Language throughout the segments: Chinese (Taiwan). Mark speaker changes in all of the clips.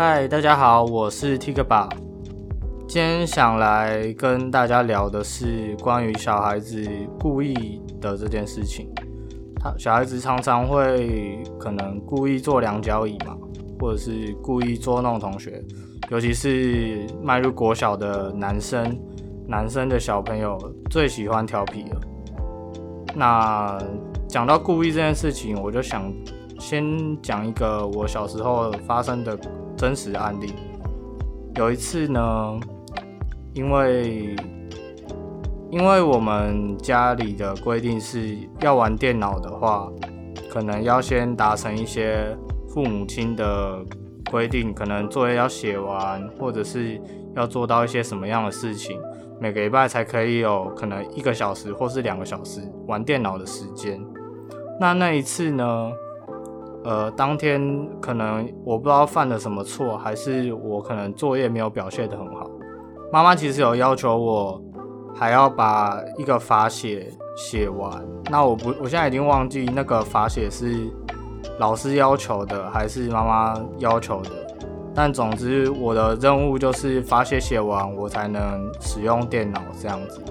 Speaker 1: 嗨，Hi, 大家好，我是 Tigger。今天想來跟大家聊的是關於小孩子故意的這件事情。他小孩子常常會可能故意坐兩腳椅嘛，或者是故意捉弄同學，尤其是邁入國小的男生，男生的小朋友最喜歡調皮了。那講到故意這件事情，我就想。先講一個我小時候發生的真實案例。有一次呢，因為因為我們家裡的規定是要玩電腦的話，可能要先達成一些父母親的規定，可能作業要寫完，或者是要做到一些什麼樣的事情，每個禮拜才可以有可能一個小時或是兩個小時玩電腦的時間。那那一次呢？呃，當天可能我不知道犯了什麼錯，還是我可能作業沒有表現得很好。媽媽其實有要求我，還要把一個罰寫寫完。那我不，我現在已經忘記那個罰寫是老師要求的還是媽媽要求的。但總之，我的任務就是罰寫寫完，我才能使用電腦這樣子。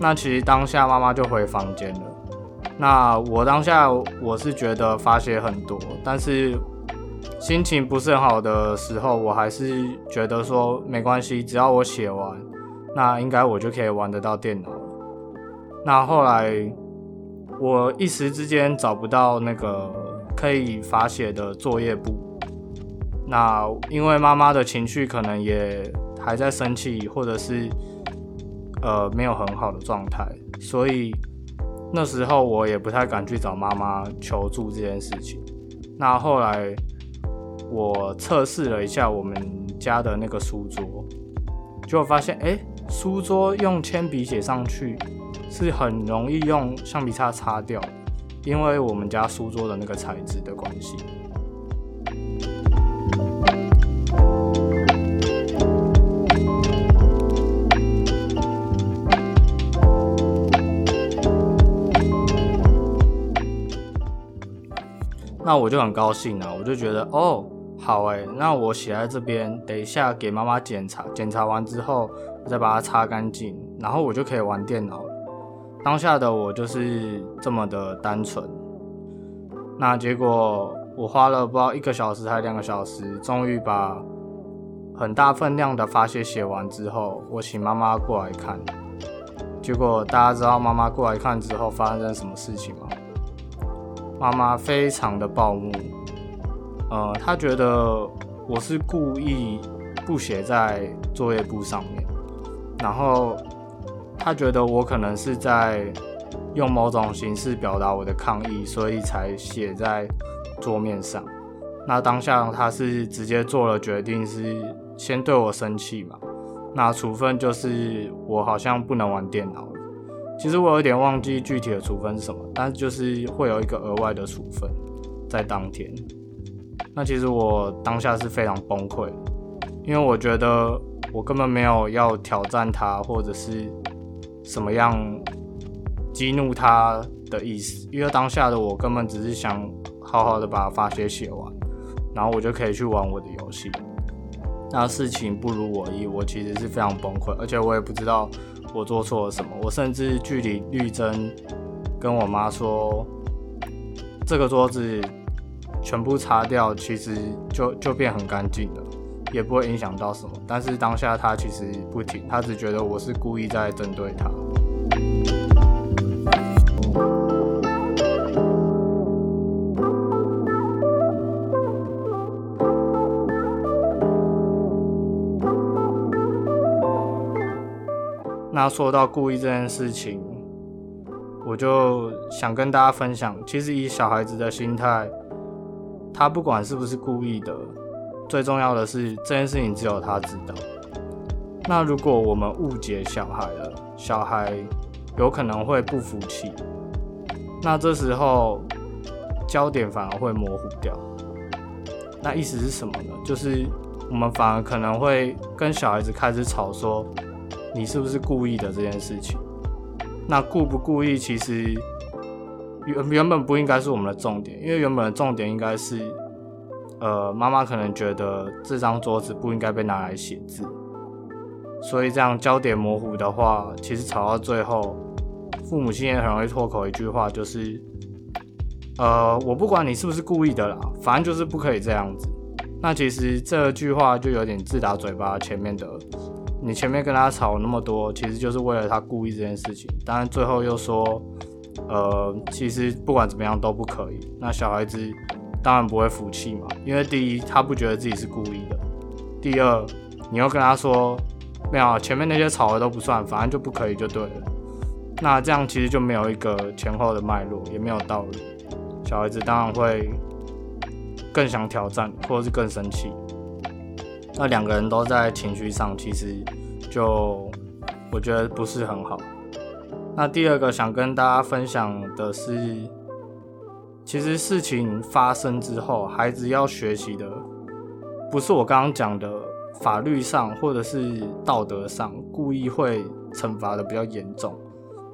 Speaker 1: 那其實當下媽媽就回房間了。那我當下我是覺得罰寫很多，但是心情不是很好的時候，我還是覺得說沒關係，只要我寫完，那應該我就可以玩得到電腦了。那後來我一時之間找不到那個可以罰寫的作業簿，那因為媽媽的情緒可能也還在生氣，或者是呃沒有很好的狀態，所以。那時候我也不太敢去找媽媽求助這件事情。那後來我測試了一下我們家的那個書桌，結果發現，哎、欸，書桌用鉛筆寫上去是很容易用橡皮擦擦掉的，因為我們家書桌的那個材質的關係。那我就很高興了，我就覺得哦，好欸，那我寫在這邊，等一下給媽媽檢查，檢查完之後再把它擦乾淨，然後我就可以玩電腦了。當下的我就是這麼的單純。那結果我花了不知道一個小時還是兩個小時，終於把很大分量的發洩寫完之後，我請媽媽過來看。結果大家知道媽媽過來看之後發生什麼事情嗎？媽媽非常的暴怒，呃，她覺得我是故意不寫在作業簿上面，然後她覺得我可能是在用某種形式表達我的抗議，所以才寫在桌面上。那當下她是直接做了決定，是先對我生氣嘛？那處分就是我好像不能玩電腦。其實我有點忘記具體的處分是什麼，但是就是會有一個額外的處分在當天。那其實我當下是非常崩潰，因為我覺得我根本沒有要挑戰他或者是什麼樣激怒他的意思，因為當下的我根本只是想好好的把發洩寫完，然後我就可以去玩我的遊戲。那事情不如我意，我其實是非常崩潰，而且我也不知道。我做錯了什麼？我甚至據理力爭，跟我媽說，這個桌子全部擦掉，其實就就變很乾淨了，也不會影響到什麼。但是當下她其實不聽，她只覺得我是故意在針對她。那說到故意這件事情，我就想跟大家分享。其實以小孩子的心態，他不管是不是故意的，最重要的是這件事情只有他知道。那如果我們誤解小孩了，小孩有可能會不服氣。那這時候焦點反而會模糊掉。那意思是什麼呢？就是我們反而可能會跟小孩子開始吵說。你是不是故意的這件事情？那故不故意，其實原原本不應該是我們的重點，因為原本的重點應該是，呃，媽媽可能覺得這張桌子不應該被拿來寫字，所以這樣焦點模糊的話，其實吵到最後，父母親也很容易脫口一句話，就是，呃，我不管你是不是故意的啦，反正就是不可以這樣子。那其實這句話就有點自打嘴巴，前面的。你前面跟他吵那麼多，其實就是為了他故意這件事情。當然最後又說，呃，其實不管怎麼樣都不可以。那小孩子當然不會服氣嘛，因為第一他不覺得自己是故意的，第二你又跟他說沒有，前面那些吵的都不算，反正就不可以就對了。那這樣其實就沒有一個前後的脈絡，也沒有道理。小孩子當然會更想挑戰，或者是更生氣。那兩個人都在情緒上，其實就我覺得不是很好。那第二個想跟大家分享的是，其實事情發生之後，孩子要學習的，不是我剛剛講的法律上或者是道德上故意會懲罰的比較嚴重，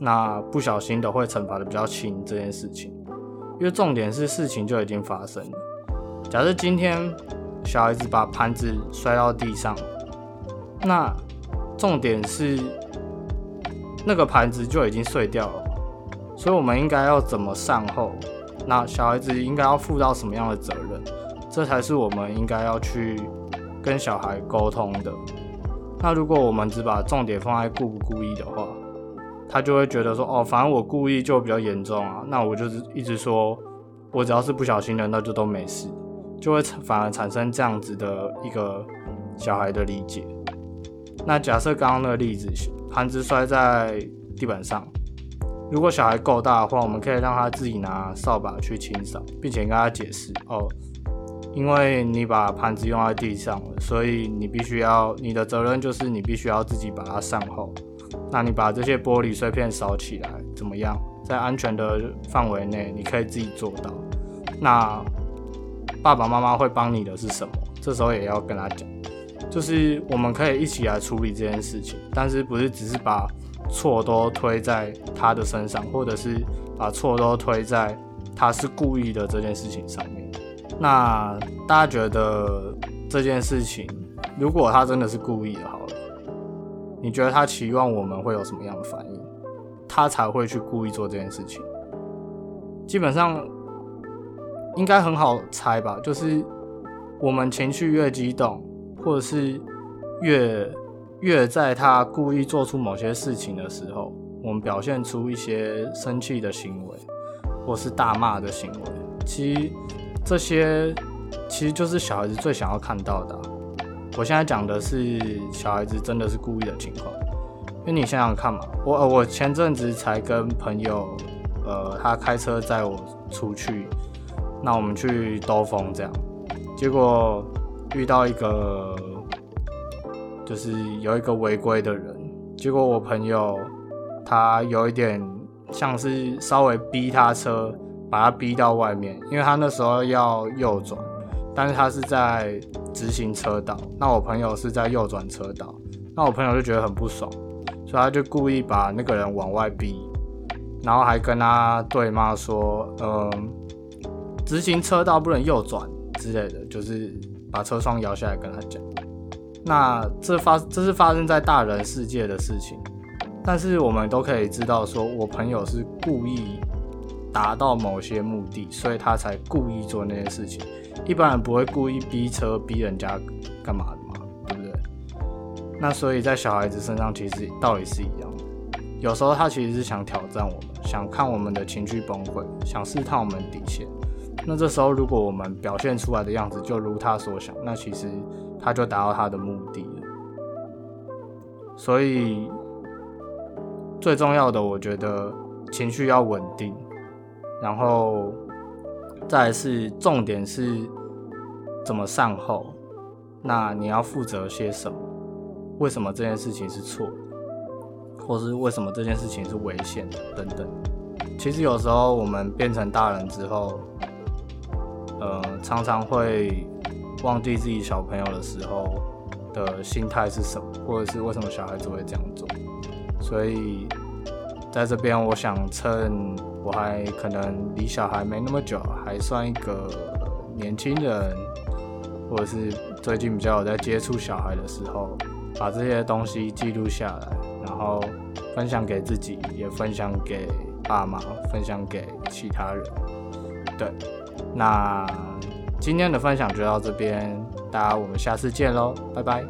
Speaker 1: 那不小心的會懲罰的比較輕這件事情，因為重點是事情就已經發生了。假設今天。小孩子把盤子摔到地上，那重點是那個盤子就已經碎掉了，所以我們應該要怎麼善後？那小孩子應該要負到什麼樣的責任？這才是我們應該要去跟小孩溝通的。那如果我們只把重點放在故不故意的話，他就會覺得說哦，反正我故意就比較嚴重啊，那我就是一直說，我只要是不小心的那就都沒事。就會反而產生這樣子的一個小孩的理解。那假設剛剛那個例子，盤子摔在地板上，如果小孩夠大的話，我們可以讓他自己拿掃把去清掃，並且跟他解釋哦，因為你把盤子用在地上了，所以你必須要你的責任就是你必須要自己把它善後。那你把這些玻璃碎片掃起來，怎麼樣？在安全的範圍內，你可以自己做到。那。爸爸媽媽會幫你的是什麼？這時候也要跟他講，就是我們可以一起來處理這件事情，但是不是只是把錯都推在他的身上，或者是把錯都推在他是故意的這件事情上面。那大家覺得這件事情，如果他真的是故意的，好了，你覺得他期望我們會有什麼樣的反應，他才會去故意做這件事情？基本上。應該很好猜吧，就是我們情緒越激動，或者是越越在他故意做出某些事情的時候，我們表現出一些生氣的行為，或是大罵的行為。其實這些其實就是小孩子最想要看到的啊。我現在講的是小孩子真的是故意的情況，因為你想想看嘛，我，呃，我前陣子才跟朋友，呃，他開車載我出去。那我們去兜風，這樣，結果遇到一個，就是有一個違規的人，結果我朋友他有一點像是稍微逼他車，把他逼到外面，因為他那時候要右轉，但是他是在直行車道，那我朋友是在右轉車道，那我朋友就覺得很不爽，所以他就故意把那個人往外逼，然後還跟他對罵說，嗯。直行車道不能右轉之類的，就是把車窗搖下來跟他講。那這發這是發生在大人世界的事情，但是我們都可以知道，說我朋友是故意達到某些目的，所以他才故意做那些事情。一般人不會故意逼車逼人家幹嘛的嘛，對不對？那所以在小孩子身上其實道理是一樣的。有時候他其實是想挑戰我們，想看我們的情緒崩潰，想試探我們底線。那這時候，如果我們表現出來的樣子就如他所想，那其實他就達到他的目的了。所以最重要的，我覺得情緒要穩定，然後再來是重點是怎麼善後。那你要負責些什麼？為什麼這件事情是錯的，或是為什麼這件事情是危險的等等？其實有時候我們變成大人之後，呃，常常會忘記自己小朋友的時候的心態是什麼，或者是為什麼小孩子會這樣做。所以，在這邊，我想趁我還可能離小孩沒那麼久，還算一個年輕人，或者是最近比較有在接觸小孩的時候，把這些東西記錄下來，然後分享給自己，也分享給爸媽，分享給其他人。對。那今天的分享就到這邊，大家我們下次見嘍，拜拜。